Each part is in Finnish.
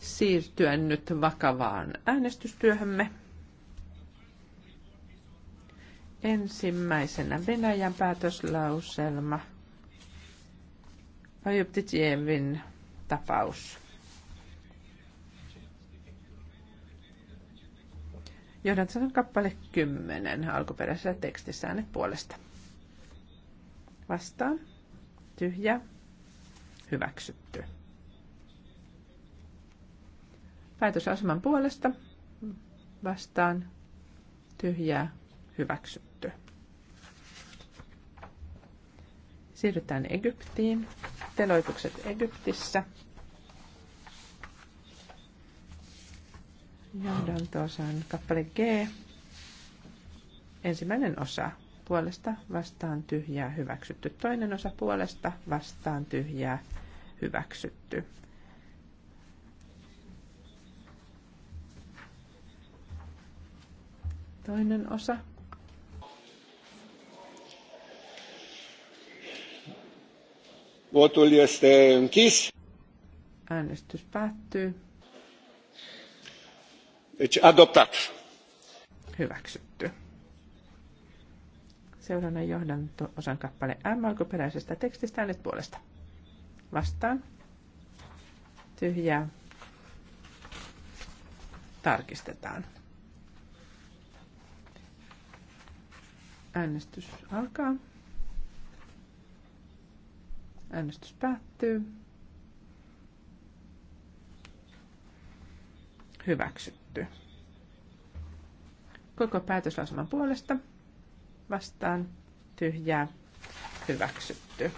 siirtyä nyt vakavaan äänestystyöhömme. Ensimmäisenä Venäjän päätöslauselma. Ajuptitjevin tapaus. Johdantason kappale 10 alkuperäisessä tekstissä äänet puolesta. Vastaan. Tyhjä. Hyväksytty. Päätösaseman puolesta vastaan tyhjää hyväksytty. Siirrytään Egyptiin. Teloitukset Egyptissä. Johdantoosan kappale G. Ensimmäinen osa puolesta vastaan tyhjää hyväksytty. Toinen osa puolesta vastaan tyhjää hyväksytty. toinen osa. Votul este închis. Äänestys päättyy. Deci adoptat. Hyväksytty. Seurannan johdan osan kappale M alkuperäisestä tekstistä äänet puolesta. Vastaan. Tyhjää. Tarkistetaan. Äänestys alkaa. Äänestys päättyy. Hyväksytty. Koko päätöslauselman puolesta vastaan tyhjää hyväksytty.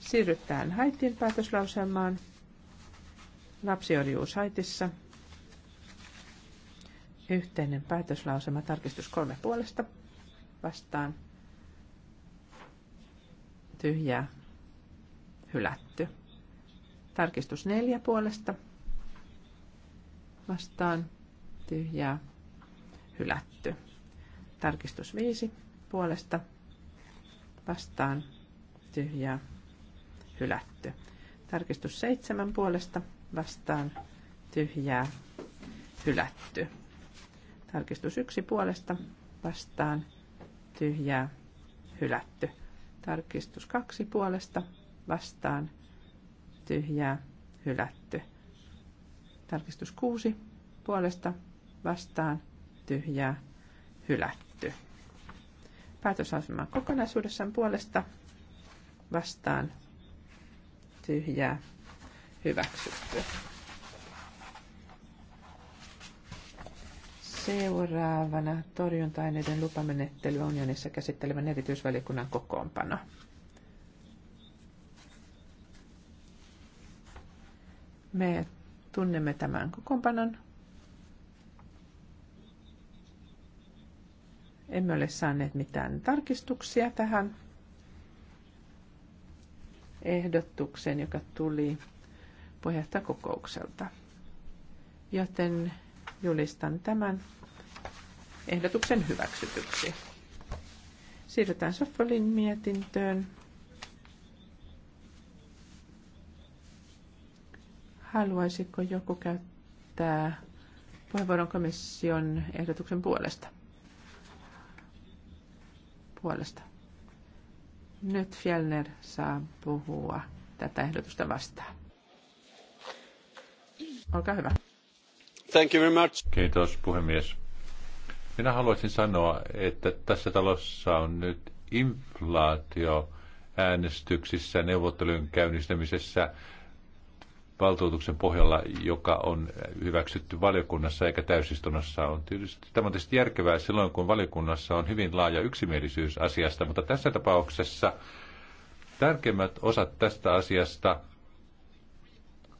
Siirrytään Haitin päätöslauselmaan. Lapsiorjuus Haitissa. Yhteinen päätöslausema tarkistus kolme puolesta vastaan tyhjää hylätty. Tarkistus neljä puolesta vastaan tyhjää hylätty. Tarkistus viisi puolesta vastaan tyhjää hylätty. Tarkistus seitsemän puolesta vastaan tyhjää hylätty. Tarkistus yksi puolesta vastaan tyhjää hylätty. Tarkistus kaksi puolesta vastaan tyhjää hylätty. Tarkistus kuusi puolesta vastaan tyhjää hylätty. Päätösasema kokonaisuudessaan puolesta vastaan tyhjää hyväksytty. Seuraavana torjunta-aineiden lupamenettely unionissa käsittelevän erityisvaliokunnan kokoonpano. Me tunnemme tämän kokoonpanon. Emme ole saaneet mitään tarkistuksia tähän ehdotukseen, joka tuli puheenjohtajakokoukselta. Joten Julistan tämän ehdotuksen hyväksytyksi. Siirrytään Soffolin mietintöön. Haluaisiko joku käyttää puheenvuoron komission ehdotuksen puolesta? Puolesta. Nyt Fjellner saa puhua tätä ehdotusta vastaan. Olkaa hyvä. Thank you very much. Kiitos puhemies. Minä haluaisin sanoa, että tässä talossa on nyt inflaatio äänestyksissä, neuvottelujen käynnistämisessä valtuutuksen pohjalla, joka on hyväksytty valiokunnassa eikä täysistunnossa. On tietysti, tämä on tietysti järkevää silloin, kun valiokunnassa on hyvin laaja yksimielisyys asiasta, mutta tässä tapauksessa tärkeimmät osat tästä asiasta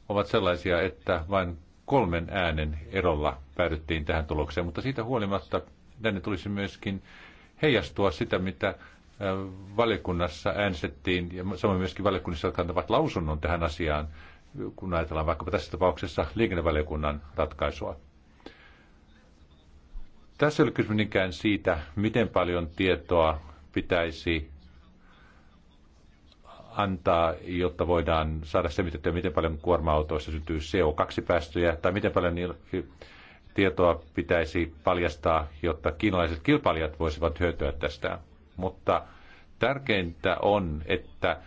ovat sellaisia, että vain kolmen äänen erolla päädyttiin tähän tulokseen, mutta siitä huolimatta tänne tulisi myöskin heijastua sitä, mitä äh, valiokunnassa äänestettiin, ja samoin myöskin valiokunnissa, kantavat antavat lausunnon tähän asiaan, kun ajatellaan vaikkapa tässä tapauksessa liikennevaliokunnan ratkaisua. Tässä ei ole kysymys niinkään siitä, miten paljon tietoa pitäisi antaa, jotta voidaan saada selvitettyä, miten paljon kuorma-autoissa syntyy CO2-päästöjä, tai miten paljon tietoa pitäisi paljastaa, jotta kiinalaiset kilpailijat voisivat hyötyä tästä. Mutta tärkeintä on, että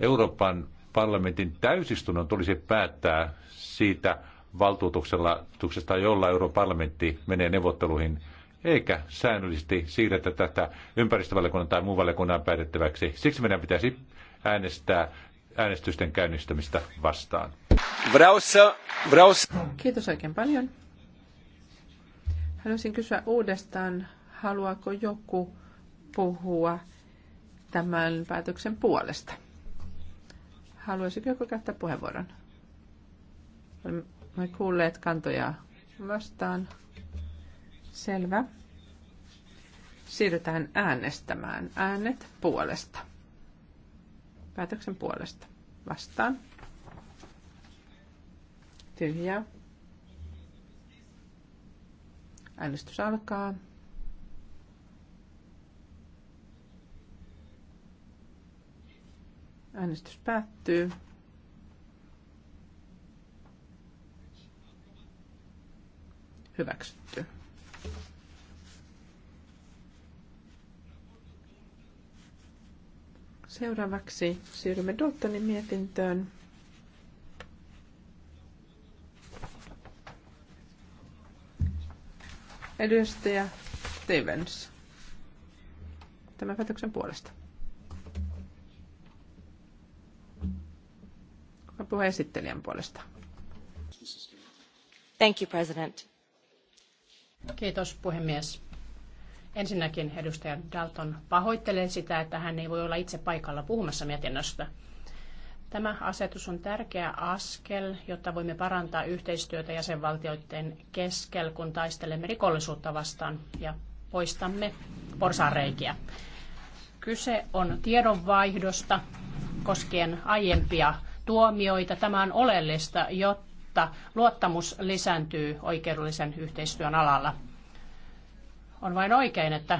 Euroopan parlamentin täysistunnon tulisi päättää siitä valtuutuksesta, jolla Euroopan parlamentti menee neuvotteluihin eikä säännöllisesti siirretä tätä ympäristövaliokunnan tai muun valiokunnan päätettäväksi. Siksi meidän pitäisi äänestää äänestysten käynnistämistä vastaan. Vrausa, Kiitos oikein paljon. Haluaisin kysyä uudestaan, haluaako joku puhua tämän päätöksen puolesta? Haluaisiko joku käyttää puheenvuoron? Olemme kuulleet kantoja vastaan. Selvä. Siirrytään äänestämään. Äänet puolesta päätöksen puolesta. Vastaan. Tyhjää. Äänestys alkaa. Äänestys päättyy. Hyväksytty. Seuraavaksi siirrymme Daltonin mietintöön. Edustaja Stevens. Tämän päätöksen puolesta. Kuka puhuu esittelijän puolesta? Thank you, President. Kiitos puhemies. Ensinnäkin edustaja Dalton pahoittelee sitä, että hän ei voi olla itse paikalla puhumassa mietinnöstä. Tämä asetus on tärkeä askel, jotta voimme parantaa yhteistyötä jäsenvaltioiden kesken, kun taistelemme rikollisuutta vastaan ja poistamme porsareikiä. Kyse on tiedonvaihdosta koskien aiempia tuomioita. Tämä on oleellista, jotta luottamus lisääntyy oikeudellisen yhteistyön alalla. On vain oikein, että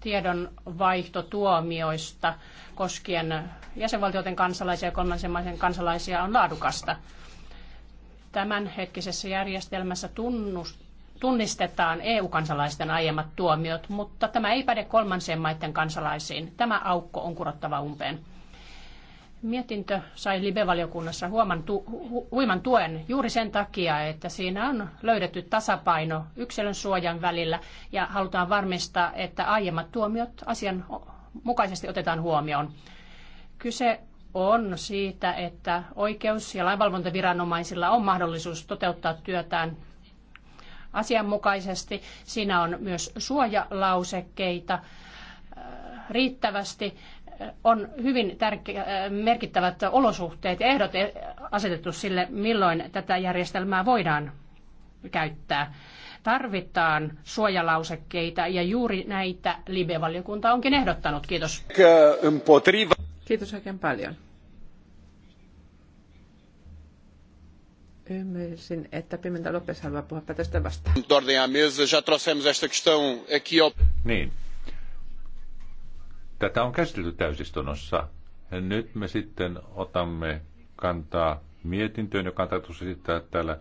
tiedon tuomioista koskien jäsenvaltioiden kansalaisia ja kolmansien kansalaisia on laadukasta. Tämänhetkisessä järjestelmässä tunnust, tunnistetaan EU-kansalaisten aiemmat tuomiot, mutta tämä ei päde kolmansien maiden kansalaisiin. Tämä aukko on kurottava umpeen. Mietintö sai Libe-valiokunnassa tu, hu, huiman tuen juuri sen takia, että siinä on löydetty tasapaino yksilön suojan välillä ja halutaan varmistaa, että aiemmat tuomiot asian mukaisesti otetaan huomioon. Kyse on siitä, että oikeus- ja lainvalvontaviranomaisilla on mahdollisuus toteuttaa työtään asianmukaisesti. Siinä on myös suojalausekkeita äh, riittävästi on hyvin tärke- äh, merkittävät olosuhteet ja ehdot e- asetettu sille, milloin tätä järjestelmää voidaan käyttää. Tarvitaan suojalausekkeita ja juuri näitä Libe-valiokunta onkin ehdottanut. Kiitos. Kiitos oikein paljon. Ymmärsin, että Pimenta Lopes haluaa puhua tästä vastaan. Niin, Tätä on käsitelty täysistunnossa. Ja nyt me sitten otamme kantaa mietintöön, joka on tarkoitus esittää täällä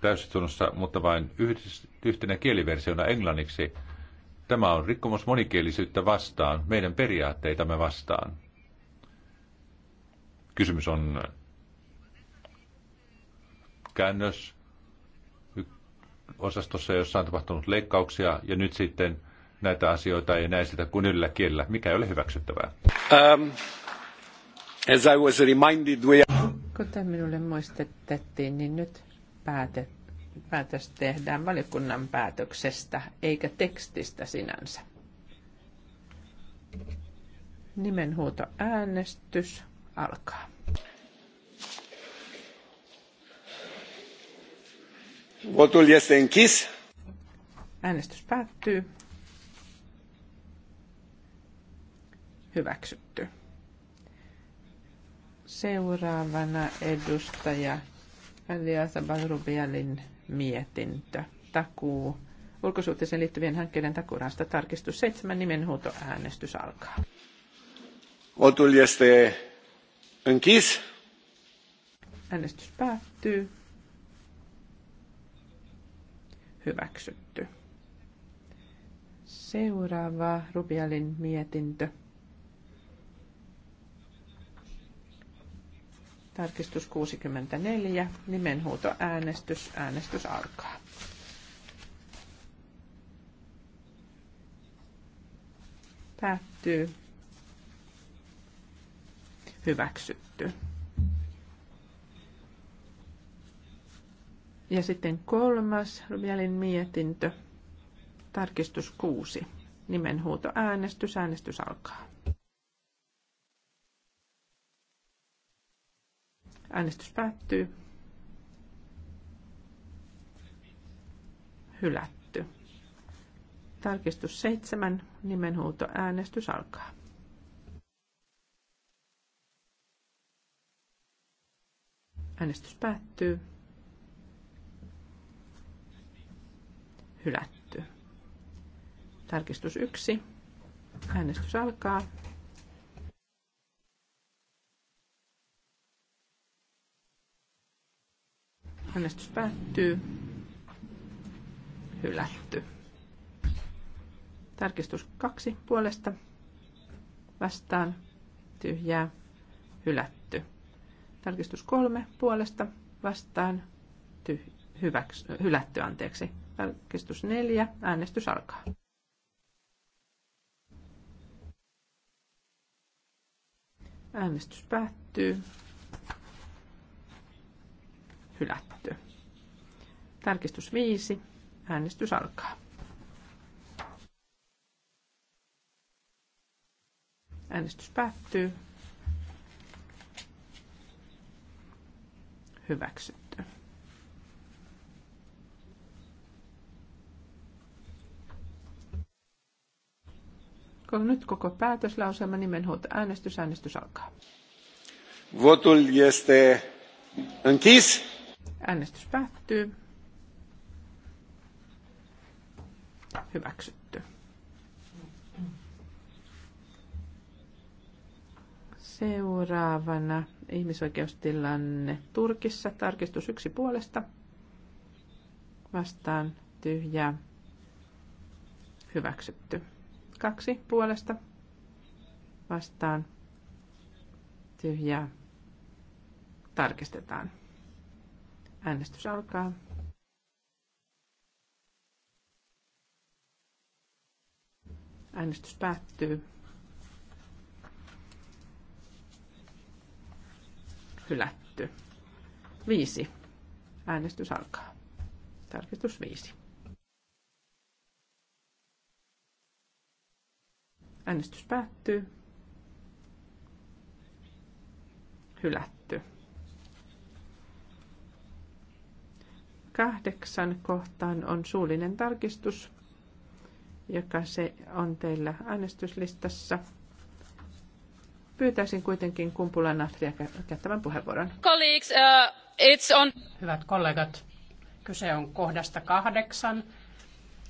täysistunnossa, mutta vain yhtenä kieliversiona englanniksi. Tämä on rikkomus monikielisyyttä vastaan, meidän periaatteitamme vastaan. Kysymys on käännös osastossa, jossa on tapahtunut leikkauksia, ja nyt sitten – näitä asioita ei näe sitä kuin kielellä, mikä ei ole hyväksyttävää. Um, as I was reminded, we... Kuten minulle muistettiin, niin nyt päätet, päätös tehdään valiokunnan päätöksestä, eikä tekstistä sinänsä. Nimenhuuto äänestys alkaa. Votul este închis. Äänestys päättyy. hyväksytty. Seuraavana edustaja Eliasa Balrubialin mietintö. Takuu. Ulkosuhteeseen liittyvien hankkeiden takurasta tarkistus 7 nimenhuutoäänestys alkaa. Otuljeste Enkis Äänestys päättyy. Hyväksytty. Seuraava Rubialin mietintö. Tarkistus 64. Nimenhuuto äänestys. Äänestys alkaa. Päättyy. Hyväksytty. Ja sitten kolmas Rubialin mietintö. Tarkistus 6. Nimenhuuto äänestys. Äänestys alkaa. Äänestys päättyy. Hylätty. Tarkistus 7. Nimenhuuto äänestys alkaa. Äänestys päättyy. Hylätty. Tarkistus 1. Äänestys alkaa. Äänestys päättyy. Hylätty. Tarkistus kaksi puolesta. Vastaan. Tyhjää. Hylätty. Tarkistus kolme puolesta. Vastaan. Tyh- hyväks- hylätty, anteeksi. Tarkistus neljä. Äänestys alkaa. Äänestys päättyy hylätty. Tarkistus 5. Äänestys alkaa. Äänestys päättyy. Hyväksytty. Nyt koko päätöslauselma nimenhuolto äänestys. Äänestys alkaa. Votul este închis. Äänestys päättyy. Hyväksytty. Seuraavana ihmisoikeustilanne Turkissa. Tarkistus yksi puolesta. Vastaan tyhjää. Hyväksytty. Kaksi puolesta. Vastaan tyhjää. Tarkistetaan. Äänestys alkaa. Äänestys päättyy. Hylätty. Viisi. Äänestys alkaa. Tarkistus viisi. Äänestys päättyy. Hylätty. kahdeksan kohtaan on suullinen tarkistus, joka se on teillä äänestyslistassa. Pyytäisin kuitenkin kumpulan Natria käyttämään puheenvuoron. Colleagues, uh, it's on... Hyvät kollegat, kyse on kohdasta kahdeksan,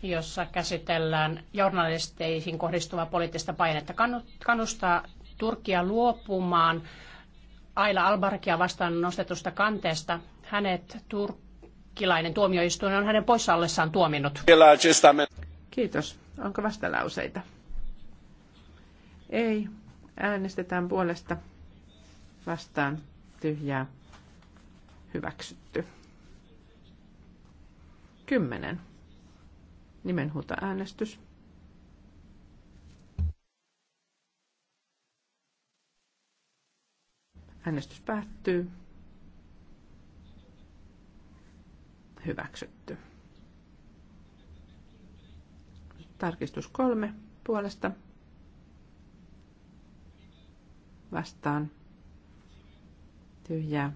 jossa käsitellään journalisteihin kohdistuvaa poliittista painetta kannustaa Turkia luopumaan Aila Albarkia vastaan nostetusta kanteesta. Hänet Turkki irakilainen tuomioistuin on hänen poissaollessaan tuominnut. Kiitos. Onko vastalauseita? Ei. Äänestetään puolesta vastaan tyhjää hyväksytty. Kymmenen. Nimenhuuta äänestys. Äänestys päättyy. hyväksytty. Tarkistus kolme puolesta vastaan tyhjää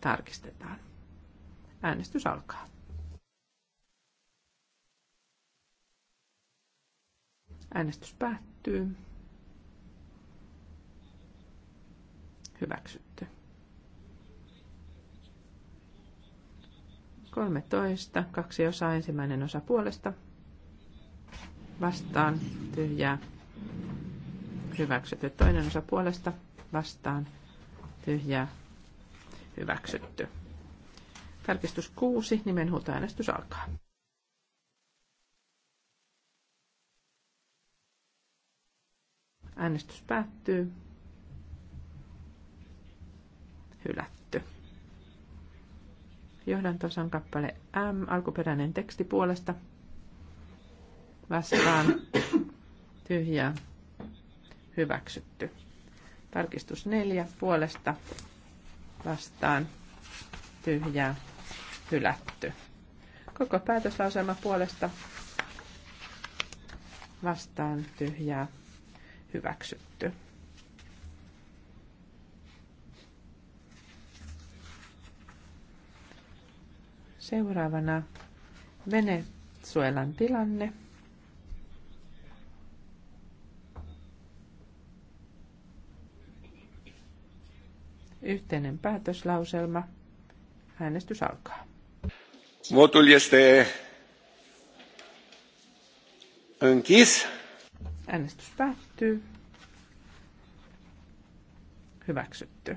tarkistetaan. Äänestys alkaa. Äänestys päättyy. Hyväksytty. 13, kaksi osaa, ensimmäinen osa puolesta. Vastaan, tyhjää, hyväksytty. Toinen osa puolesta, vastaan, tyhjää, hyväksytty. Tarkistus 6, nimenhuutoäänestys alkaa. Äänestys päättyy. Hylätty. Johdantosan kappale M, alkuperäinen teksti puolesta. Vastaan. Tyhjää. Hyväksytty. Tarkistus 4 puolesta. Vastaan. Tyhjää. Hylätty. Koko päätöslauselma puolesta. Vastaan. Tyhjää. Hyväksytty. Seuraavana Venezuelan tilanne. Yhteinen päätöslauselma. Äänestys alkaa. Votul este Äänestys päättyy. Hyväksytty.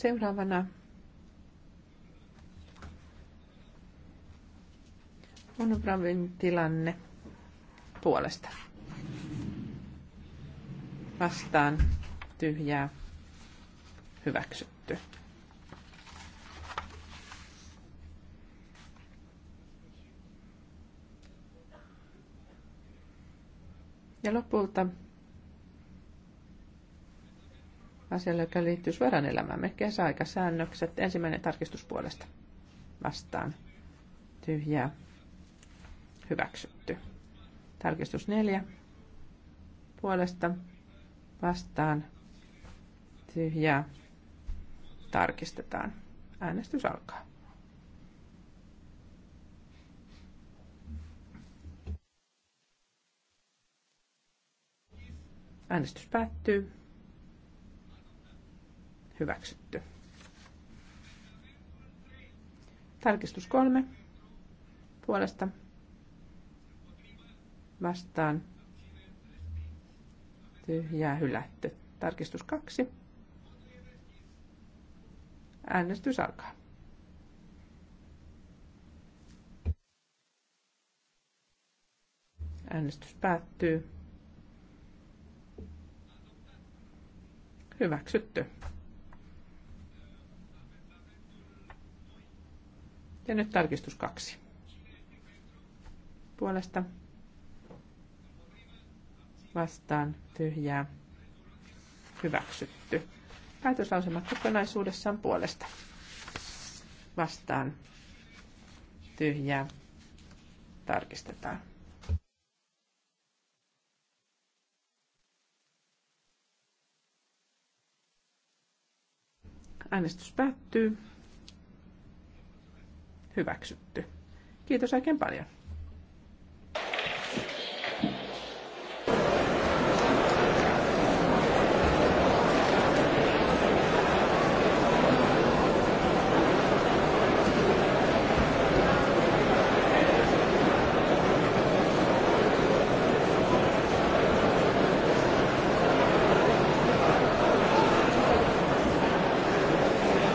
Seuraavana Monogramin tilanne puolesta. Vastaan tyhjää hyväksytty. Ja lopulta asialle, joka liittyy suoraan elämäämme. Kesäaikasäännökset. Ensimmäinen tarkistus puolesta. Vastaan. Tyhjää. Hyväksytty. Tarkistus neljä. Puolesta. Vastaan. Tyhjää. Tarkistetaan. Äänestys alkaa. Äänestys päättyy. Hyväksytty. Tarkistus kolme. Puolesta vastaan tyhjää hylätty. Tarkistus kaksi. Äänestys alkaa. Äänestys päättyy. Hyväksytty. Ja nyt tarkistus kaksi. Puolesta vastaan tyhjää hyväksytty. Päätöslausema kokonaisuudessaan puolesta vastaan tyhjää tarkistetaan. Äänestys päättyy hyväksytty. Kiitos oikein paljon.